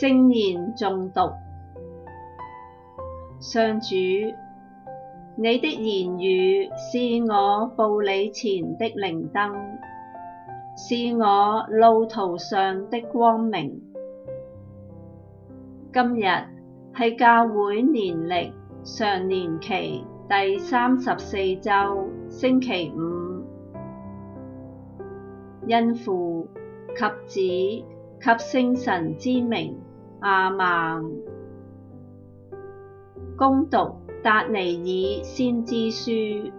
聖言誦讀，上主，你的言語是我步里前的靈燈，是我路途上的光明。今日係教會年曆常年期第三十四周，星期五。因父及子及聖神之名。亞孟恭讀達尼爾先知書，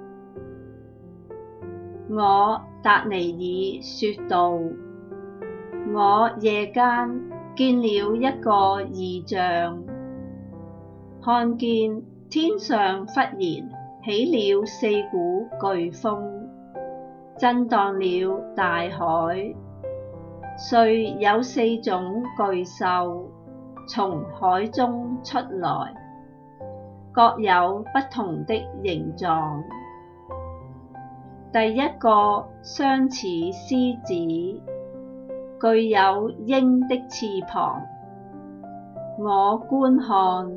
我達尼爾説道：我夜間見了一個異象，看見天上忽然起了四股巨風，震盪了大海，遂有四種巨獸。從海中出來，各有不同的形狀。第一個相似獅子，具有鷹的翅膀。我觀看，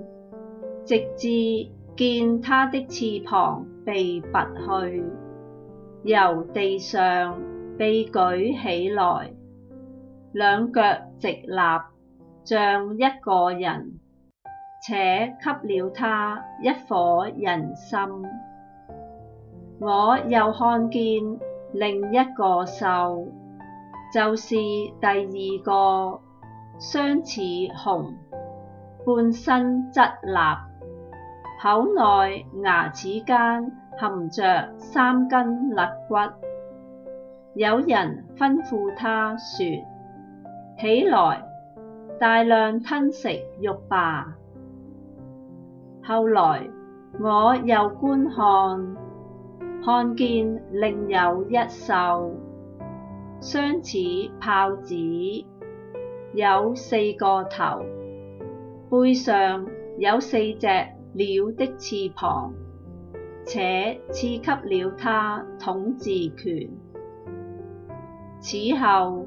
直至見它的翅膀被拔去，由地上被舉起來，兩腳直立。像一個人，且給了他一顆人心。我又看見另一個獸，就是第二個，相似熊，半身側立，口內牙齒間銜着三根肋骨。有人吩咐他說：起來。大量吞食肉吧。後來我又觀看，看見另有一獸，相似豹子，有四個頭，背上有四隻鳥的翅膀，且賜給了它統治權。此後。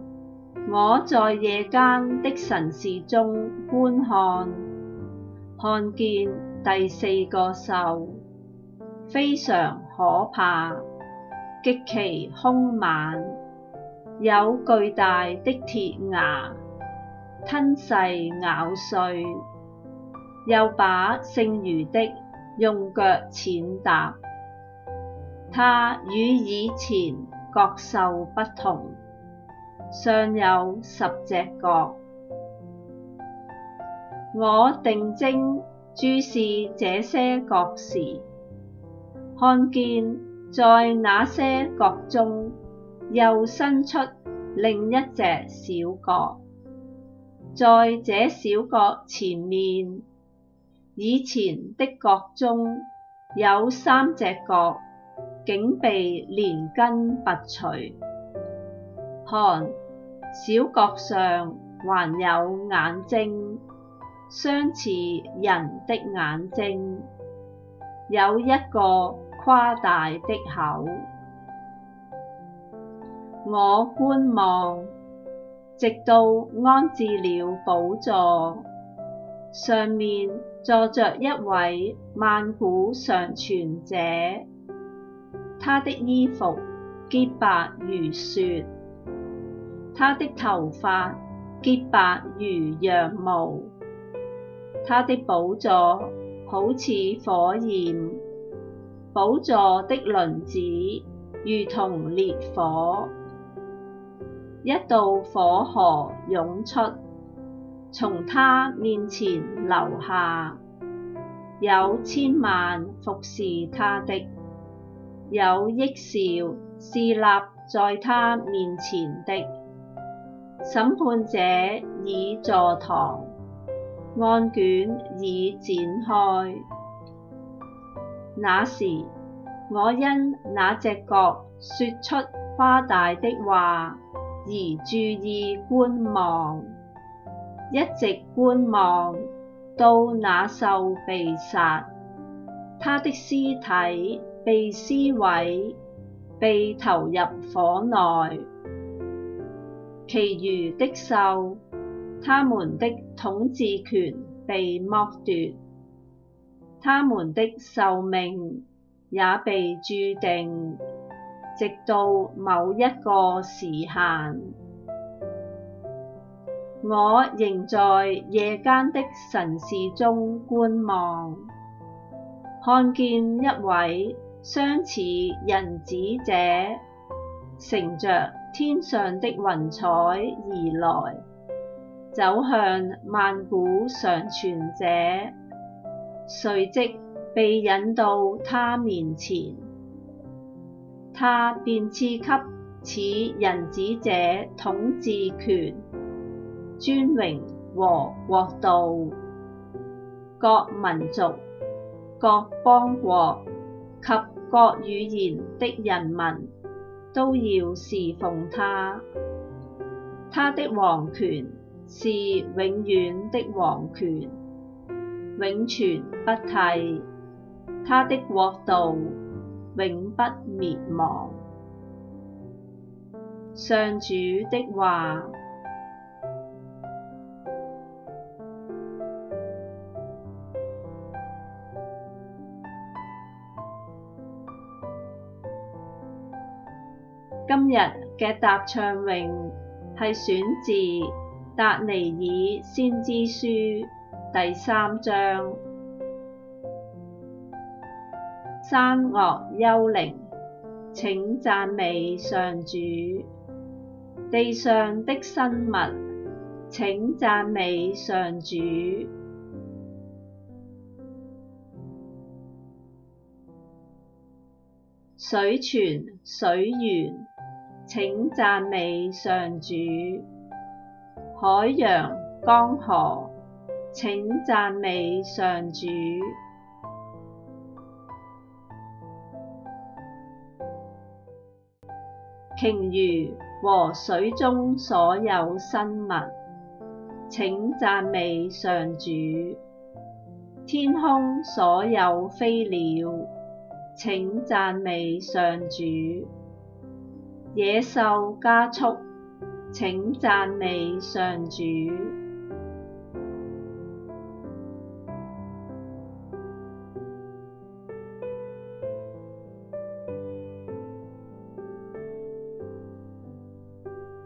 我在夜間的神視中觀看，看見第四個獸，非常可怕，極其兇猛，有巨大的鐵牙，吞噬咬碎，又把剩餘的用腳踐踏。它與以前各獸不同。尚有十隻角，我定睛注視這些角時，看見在那些角中又生出另一隻小角，在這小角前面，以前的角中有三隻角竟被連根拔除。看，小角上還有眼睛，相似人的眼睛，有一個誇大的口。我觀望，直到安置了寶座，上面坐着一位萬古常存者，他的衣服潔白如雪。他的頭髮潔白如羊毛，他的寶座好似火焰，寶座的輪子如同烈火，一道火河湧出，從他面前流下。有千萬服侍他的，有億兆侍立在他面前的。審判者已坐堂，案卷已展開。那時，我因那隻角說出誇大的話而注意觀望，一直觀望到那獸被殺，他的屍體被撕毀，被投入火內。其餘的獸，牠們的統治權被剝奪，牠們的壽命也被注定，直到某一個時限。我仍在夜間的神視中觀望，看見一位相似人子者乘着天上的雲彩而來，走向萬古常存者，隨即被引到他面前，他便賜給似人子者統治權、尊榮和國度、各民族、各邦國及各語言的人民。都要侍奉他，他的王權是永遠的王權，永存不替，他的國度永不滅亡。上主的話。今日嘅答唱詠係選自《達尼爾先知書》第三章。山嶽丘陵，請讚美上主；地上的生物，請讚美上主。水泉水源，請讚美上主。海洋江河，請讚美上主。鯨魚和水中所有生物，請讚美上主。天空所有飛鳥，請讚美上主。野獸家畜，請讚美上主。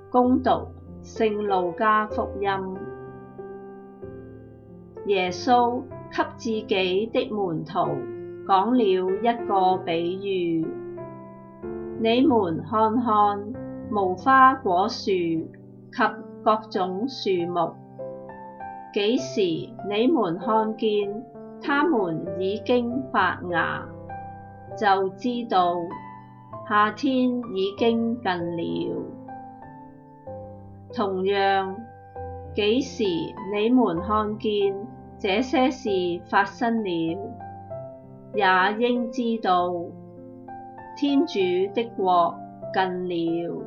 恭讀聖路加福音，耶穌給自己的門徒講了一個比喻。你們看看無花果樹及各種樹木，幾時你們看見它們已經發芽，就知道夏天已經近了。同樣，幾時你們看見這些事發生了，也應知道。天主的國近了，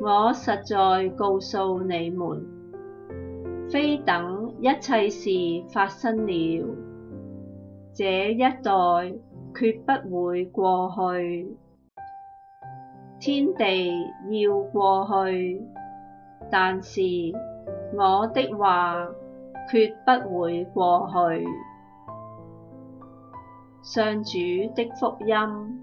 我實在告訴你們，非等一切事發生了，這一代決不會過去。天地要過去，但是我的話決不會過去。上主的福音。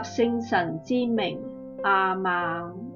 及聖神之名，阿們。Amen.